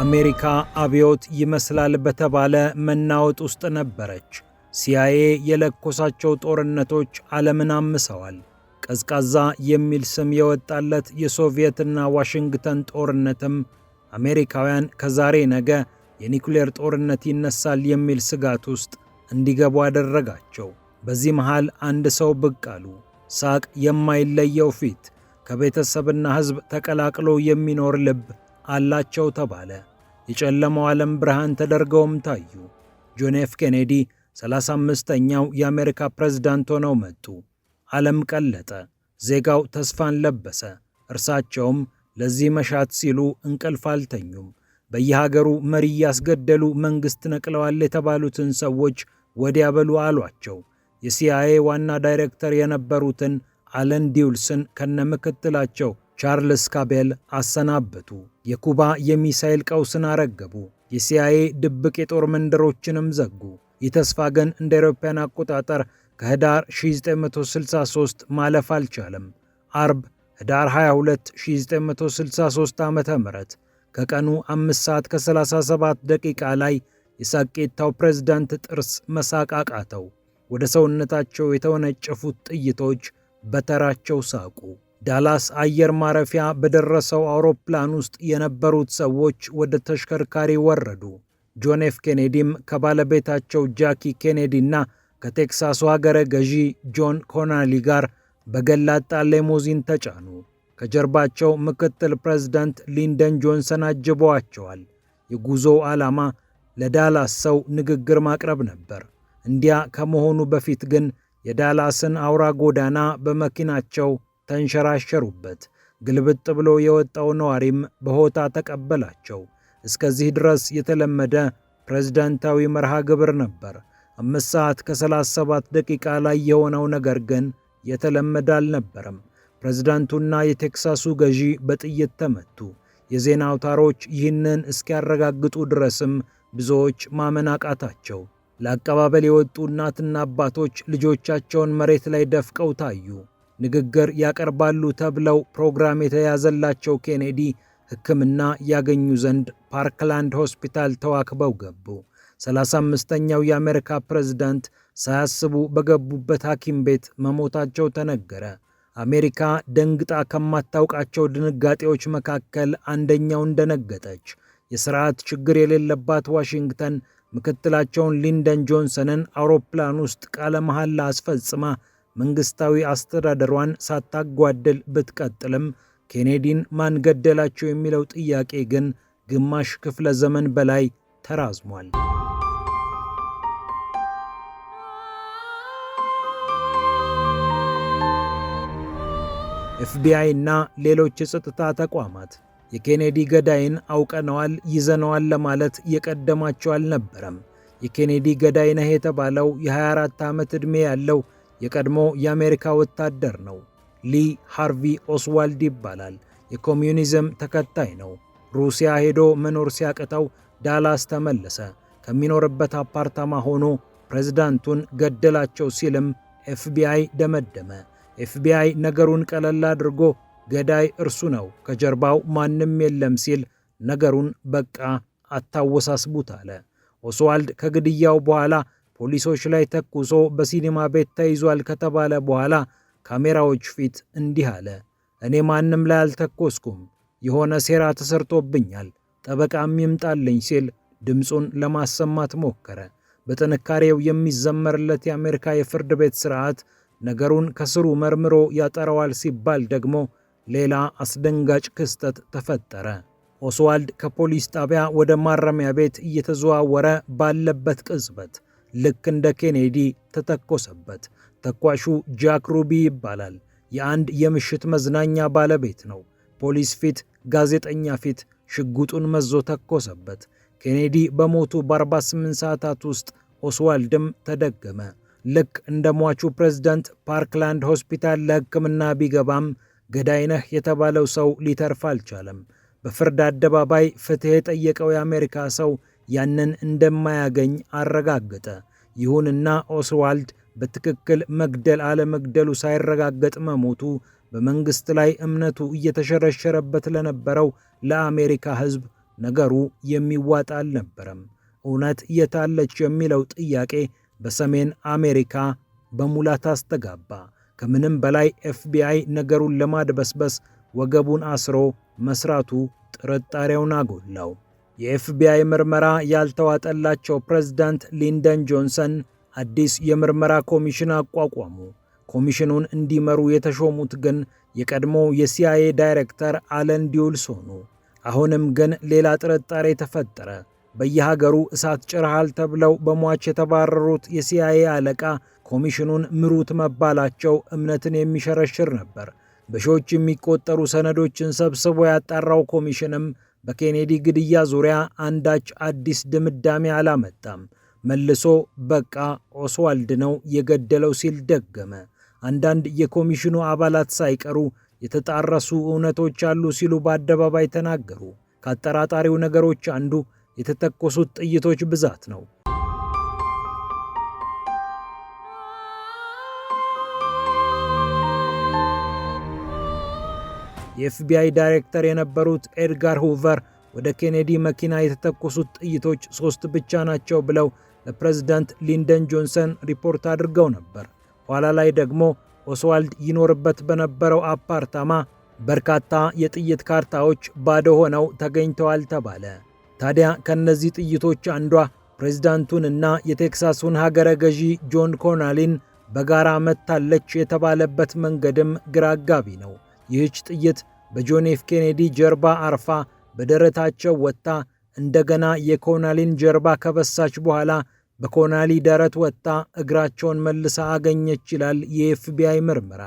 አሜሪካ አብዮት ይመስላል በተባለ መናወጥ ውስጥ ነበረች። ሲአይኤ የለኮሳቸው ጦርነቶች ዓለምን አምሰዋል። ቀዝቃዛ የሚል ስም የወጣለት የሶቪየትና ዋሽንግተን ጦርነትም አሜሪካውያን ከዛሬ ነገ የኒኩሌር ጦርነት ይነሳል የሚል ስጋት ውስጥ እንዲገቡ አደረጋቸው። በዚህ መሃል አንድ ሰው ብቅ አሉ። ሳቅ የማይለየው ፊት፣ ከቤተሰብና ሕዝብ ተቀላቅሎ የሚኖር ልብ አላቸው ተባለ። የጨለማው ዓለም ብርሃን ተደርገውም ታዩ። ጆን ኤፍ ኬኔዲ 35ኛው የአሜሪካ ፕሬዝዳንት ሆነው መጡ። ዓለም ቀለጠ፣ ዜጋው ተስፋን ለበሰ። እርሳቸውም ለዚህ መሻት ሲሉ እንቅልፍ አልተኙም። በየሀገሩ መሪ እያስገደሉ መንግሥት ነቅለዋል የተባሉትን ሰዎች ወዲያ በሉ አሏቸው። የሲአይኤ ዋና ዳይሬክተር የነበሩትን አለን ዲውልስን ከነ ምክትላቸው። ቻርልስ ካቤል አሰናበቱ። የኩባ የሚሳኤል ቀውስን አረገቡ። የሲአይኤ ድብቅ የጦር መንደሮችንም ዘጉ። ይህ ተስፋ ግን እንደ አውሮፓውያን አቆጣጠር ከህዳር 1963 ማለፍ አልቻለም። አርብ ህዳር 22 1963 ዓ ም ከቀኑ 5 ሰዓት ከ37 ደቂቃ ላይ የሳቄታው ፕሬዝዳንት ጥርስ መሳቅ አቃተው። ወደ ሰውነታቸው የተወነጨፉት ጥይቶች በተራቸው ሳቁ። ዳላስ አየር ማረፊያ በደረሰው አውሮፕላን ውስጥ የነበሩት ሰዎች ወደ ተሽከርካሪ ወረዱ። ጆን ኤፍ ኬኔዲም ከባለቤታቸው ጃኪ ኬኔዲ እና ከቴክሳሱ ሀገረ ገዢ ጆን ኮናሊ ጋር በገላጣ ሌሞዚን ተጫኑ። ከጀርባቸው ምክትል ፕሬዝዳንት ሊንደን ጆንሰን አጅበዋቸዋል። የጉዞው ዓላማ ለዳላስ ሰው ንግግር ማቅረብ ነበር። እንዲያ ከመሆኑ በፊት ግን የዳላስን አውራ ጎዳና በመኪናቸው ተንሸራሸሩበት። ግልብጥ ብሎ የወጣው ነዋሪም በሆታ ተቀበላቸው። እስከዚህ ድረስ የተለመደ ፕሬዝዳንታዊ መርሃ ግብር ነበር። አምስት ሰዓት ከ37 ደቂቃ ላይ የሆነው ነገር ግን የተለመደ አልነበረም። ፕሬዝዳንቱና የቴክሳሱ ገዢ በጥይት ተመቱ። የዜና አውታሮች ይህንን እስኪያረጋግጡ ድረስም ብዙዎች ማመን አቃታቸው። ለአቀባበል የወጡ እናትና አባቶች ልጆቻቸውን መሬት ላይ ደፍቀው ታዩ። ንግግር ያቀርባሉ ተብለው ፕሮግራም የተያዘላቸው ኬኔዲ ሕክምና ያገኙ ዘንድ ፓርክላንድ ሆስፒታል ተዋክበው ገቡ። 35ኛው የአሜሪካ ፕሬዝዳንት ሳያስቡ በገቡበት ሐኪም ቤት መሞታቸው ተነገረ። አሜሪካ ደንግጣ ከማታውቃቸው ድንጋጤዎች መካከል አንደኛው እንደነገጠች የሥርዓት ችግር የሌለባት ዋሽንግተን ምክትላቸውን ሊንደን ጆንሰንን አውሮፕላን ውስጥ ቃለ መሐላ አስፈጽማ መንግስታዊ አስተዳደሯን ሳታጓደል ብትቀጥልም ኬኔዲን ማን ገደላቸው የሚለው ጥያቄ ግን ግማሽ ክፍለ ዘመን በላይ ተራዝሟል። ኤፍቢአይ እና ሌሎች የጸጥታ ተቋማት የኬኔዲ ገዳይን አውቀነዋል፣ ይዘነዋል ለማለት የቀደማቸው አልነበረም። የኬኔዲ ገዳይ ነህ የተባለው የ24 ዓመት ዕድሜ ያለው የቀድሞ የአሜሪካ ወታደር ነው። ሊ ሃርቪ ኦስዋልድ ይባላል። የኮሚዩኒዝም ተከታይ ነው። ሩሲያ ሄዶ መኖር ሲያቅተው ዳላስ ተመለሰ። ከሚኖርበት አፓርታማ ሆኖ ፕሬዝዳንቱን ገደላቸው ሲልም ኤፍቢአይ ደመደመ። ኤፍቢአይ ነገሩን ቀለል አድርጎ ገዳይ እርሱ ነው፣ ከጀርባው ማንም የለም ሲል ነገሩን በቃ አታወሳስቡት አለ። ኦስዋልድ ከግድያው በኋላ ፖሊሶች ላይ ተኩሶ በሲኒማ ቤት ተይዟል ከተባለ በኋላ ካሜራዎች ፊት እንዲህ አለ። እኔ ማንም ላይ አልተኮስኩም፣ የሆነ ሴራ ተሰርቶብኛል፣ ጠበቃም ይምጣልኝ ሲል ድምፁን ለማሰማት ሞከረ። በጥንካሬው የሚዘመርለት የአሜሪካ የፍርድ ቤት ስርዓት ነገሩን ከስሩ መርምሮ ያጠራዋል ሲባል ደግሞ ሌላ አስደንጋጭ ክስተት ተፈጠረ። ኦስዋልድ ከፖሊስ ጣቢያ ወደ ማረሚያ ቤት እየተዘዋወረ ባለበት ቅጽበት ልክ እንደ ኬኔዲ ተተኮሰበት። ተኳሹ ጃክ ሩቢ ይባላል። የአንድ የምሽት መዝናኛ ባለቤት ነው። ፖሊስ ፊት፣ ጋዜጠኛ ፊት ሽጉጡን መዞ ተኮሰበት። ኬኔዲ በሞቱ በ48 ሰዓታት ውስጥ ኦስዋልድም ተደገመ። ልክ እንደ ሟቹ ፕሬዝዳንት ፓርክላንድ ሆስፒታል ለሕክምና ቢገባም ገዳይ ነህ የተባለው ሰው ሊተርፍ አልቻለም። በፍርድ አደባባይ ፍትሕ የጠየቀው የአሜሪካ ሰው ያንን እንደማያገኝ አረጋገጠ። ይሁንና ኦስዋልድ በትክክል መግደል አለመግደሉ ሳይረጋገጥ መሞቱ በመንግስት ላይ እምነቱ እየተሸረሸረበት ለነበረው ለአሜሪካ ሕዝብ ነገሩ የሚዋጥ አልነበረም። እውነት የታለች የሚለው ጥያቄ በሰሜን አሜሪካ በሙላት አስተጋባ። ከምንም በላይ ኤፍቢአይ ነገሩን ለማድበስበስ ወገቡን አስሮ መስራቱ ጥርጣሬውን አጎላው። የኤፍቢአይ ምርመራ ያልተዋጠላቸው ፕሬዝዳንት ሊንደን ጆንሰን አዲስ የምርመራ ኮሚሽን አቋቋሙ። ኮሚሽኑን እንዲመሩ የተሾሙት ግን የቀድሞው የሲአይኤ ዳይሬክተር አለን ዲውልስ ሆኑ። አሁንም ግን ሌላ ጥርጣሬ ተፈጠረ። በየሀገሩ እሳት ጭርሃል ተብለው በሟች የተባረሩት የሲአይኤ አለቃ ኮሚሽኑን ምሩት መባላቸው እምነትን የሚሸረሽር ነበር። በሺዎች የሚቆጠሩ ሰነዶችን ሰብስቦ ያጣራው ኮሚሽንም በኬኔዲ ግድያ ዙሪያ አንዳች አዲስ ድምዳሜ አላመጣም። መልሶ በቃ ኦስዋልድ ነው የገደለው ሲል ደገመ። አንዳንድ የኮሚሽኑ አባላት ሳይቀሩ የተጣረሱ እውነቶች አሉ ሲሉ በአደባባይ ተናገሩ። ከአጠራጣሪው ነገሮች አንዱ የተተኮሱት ጥይቶች ብዛት ነው። የኤፍቢአይ ዳይሬክተር የነበሩት ኤድጋር ሁቨር ወደ ኬኔዲ መኪና የተተኮሱት ጥይቶች ሶስት ብቻ ናቸው ብለው ለፕሬዝዳንት ሊንደን ጆንሰን ሪፖርት አድርገው ነበር። ኋላ ላይ ደግሞ ኦስዋልድ ይኖርበት በነበረው አፓርታማ በርካታ የጥይት ካርታዎች ባዶ ሆነው ተገኝተዋል ተባለ። ታዲያ ከእነዚህ ጥይቶች አንዷ ፕሬዝዳንቱን እና የቴክሳሱን ሀገረ ገዢ ጆን ኮናሊን በጋራ መታለች የተባለበት መንገድም ግራ አጋቢ ነው። ይህች ጥይት በጆን ኤፍ ኬኔዲ ጀርባ አርፋ በደረታቸው ወጥታ እንደገና የኮናሊን ጀርባ ከበሳች በኋላ በኮናሊ ደረት ወጥታ እግራቸውን መልሳ አገኘች ይላል የኤፍቢአይ ምርመራ።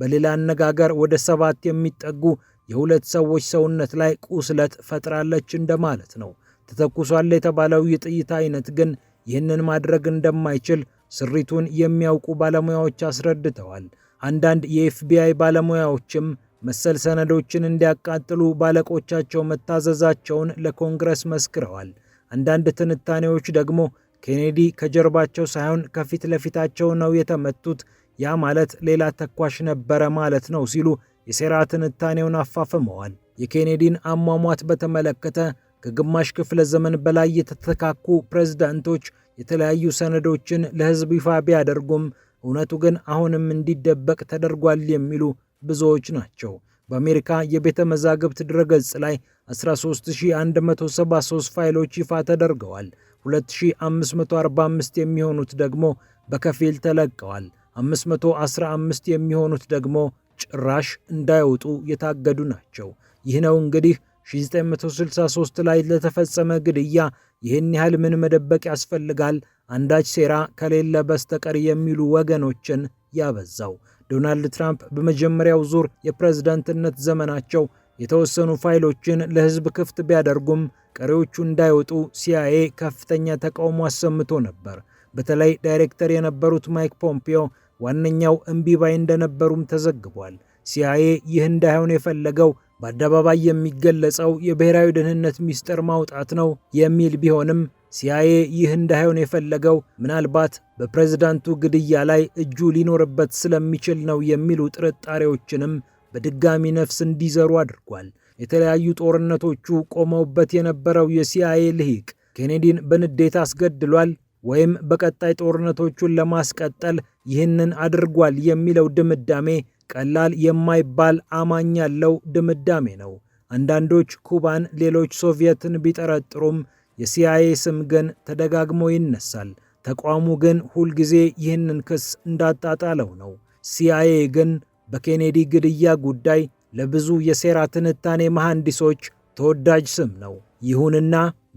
በሌላ አነጋገር ወደ ሰባት የሚጠጉ የሁለት ሰዎች ሰውነት ላይ ቁስለት ፈጥራለች እንደማለት ነው። ተተኩሷል የተባለው የጥይት አይነት ግን ይህንን ማድረግ እንደማይችል ስሪቱን የሚያውቁ ባለሙያዎች አስረድተዋል። አንዳንድ የኤፍቢአይ ባለሙያዎችም መሰል ሰነዶችን እንዲያቃጥሉ ባለቆቻቸው መታዘዛቸውን ለኮንግረስ መስክረዋል። አንዳንድ ትንታኔዎች ደግሞ ኬኔዲ ከጀርባቸው ሳይሆን ከፊት ለፊታቸው ነው የተመቱት፣ ያ ማለት ሌላ ተኳሽ ነበረ ማለት ነው ሲሉ የሴራ ትንታኔውን አፋፍመዋል። የኬኔዲን አሟሟት በተመለከተ ከግማሽ ክፍለ ዘመን በላይ የተተካኩ ፕሬዝዳንቶች የተለያዩ ሰነዶችን ለሕዝብ ይፋ ቢያደርጉም እውነቱ ግን አሁንም እንዲደበቅ ተደርጓል የሚሉ ብዙዎች ናቸው። በአሜሪካ የቤተ መዛግብት ድረገጽ ላይ 13173 ፋይሎች ይፋ ተደርገዋል። 2545 የሚሆኑት ደግሞ በከፊል ተለቀዋል። 515 የሚሆኑት ደግሞ ጭራሽ እንዳይወጡ የታገዱ ናቸው። ይህ ነው እንግዲህ 1963 ላይ ለተፈጸመ ግድያ ይህን ያህል ምን መደበቅ ያስፈልጋል አንዳች ሴራ ከሌለ በስተቀር የሚሉ ወገኖችን ያበዛው። ዶናልድ ትራምፕ በመጀመሪያው ዙር የፕሬዝዳንትነት ዘመናቸው የተወሰኑ ፋይሎችን ለሕዝብ ክፍት ቢያደርጉም ቀሪዎቹ እንዳይወጡ ሲአይኤ ከፍተኛ ተቃውሞ አሰምቶ ነበር። በተለይ ዳይሬክተር የነበሩት ማይክ ፖምፒዮ ዋነኛው እምቢባይ እንደነበሩም ተዘግቧል። ሲአይኤ ይህ እንዳይሆን የፈለገው በአደባባይ የሚገለጸው የብሔራዊ ደህንነት ሚስጥር ማውጣት ነው የሚል ቢሆንም ሲአይኤ ይህ እንዳይሆን የፈለገው ምናልባት በፕሬዝዳንቱ ግድያ ላይ እጁ ሊኖርበት ስለሚችል ነው የሚሉ ጥርጣሬዎችንም በድጋሚ ነፍስ እንዲዘሩ አድርጓል። የተለያዩ ጦርነቶቹ ቆመውበት የነበረው የሲአይኤ ልሂቅ ኬኔዲን በንዴት አስገድሏል ወይም በቀጣይ ጦርነቶቹን ለማስቀጠል ይህንን አድርጓል የሚለው ድምዳሜ ቀላል የማይባል አማኝ ያለው ድምዳሜ ነው። አንዳንዶች ኩባን፣ ሌሎች ሶቪየትን ቢጠረጥሩም የሲአይኤ ስም ግን ተደጋግሞ ይነሳል። ተቋሙ ግን ሁልጊዜ ይህንን ክስ እንዳጣጣለው ነው። ሲአይኤ ግን በኬኔዲ ግድያ ጉዳይ ለብዙ የሴራ ትንታኔ መሐንዲሶች ተወዳጅ ስም ነው። ይሁንና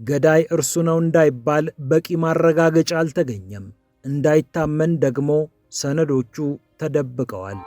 ገዳይ እርሱ ነው እንዳይባል በቂ ማረጋገጫ አልተገኘም። እንዳይታመን ደግሞ ሰነዶቹ ተደብቀዋል።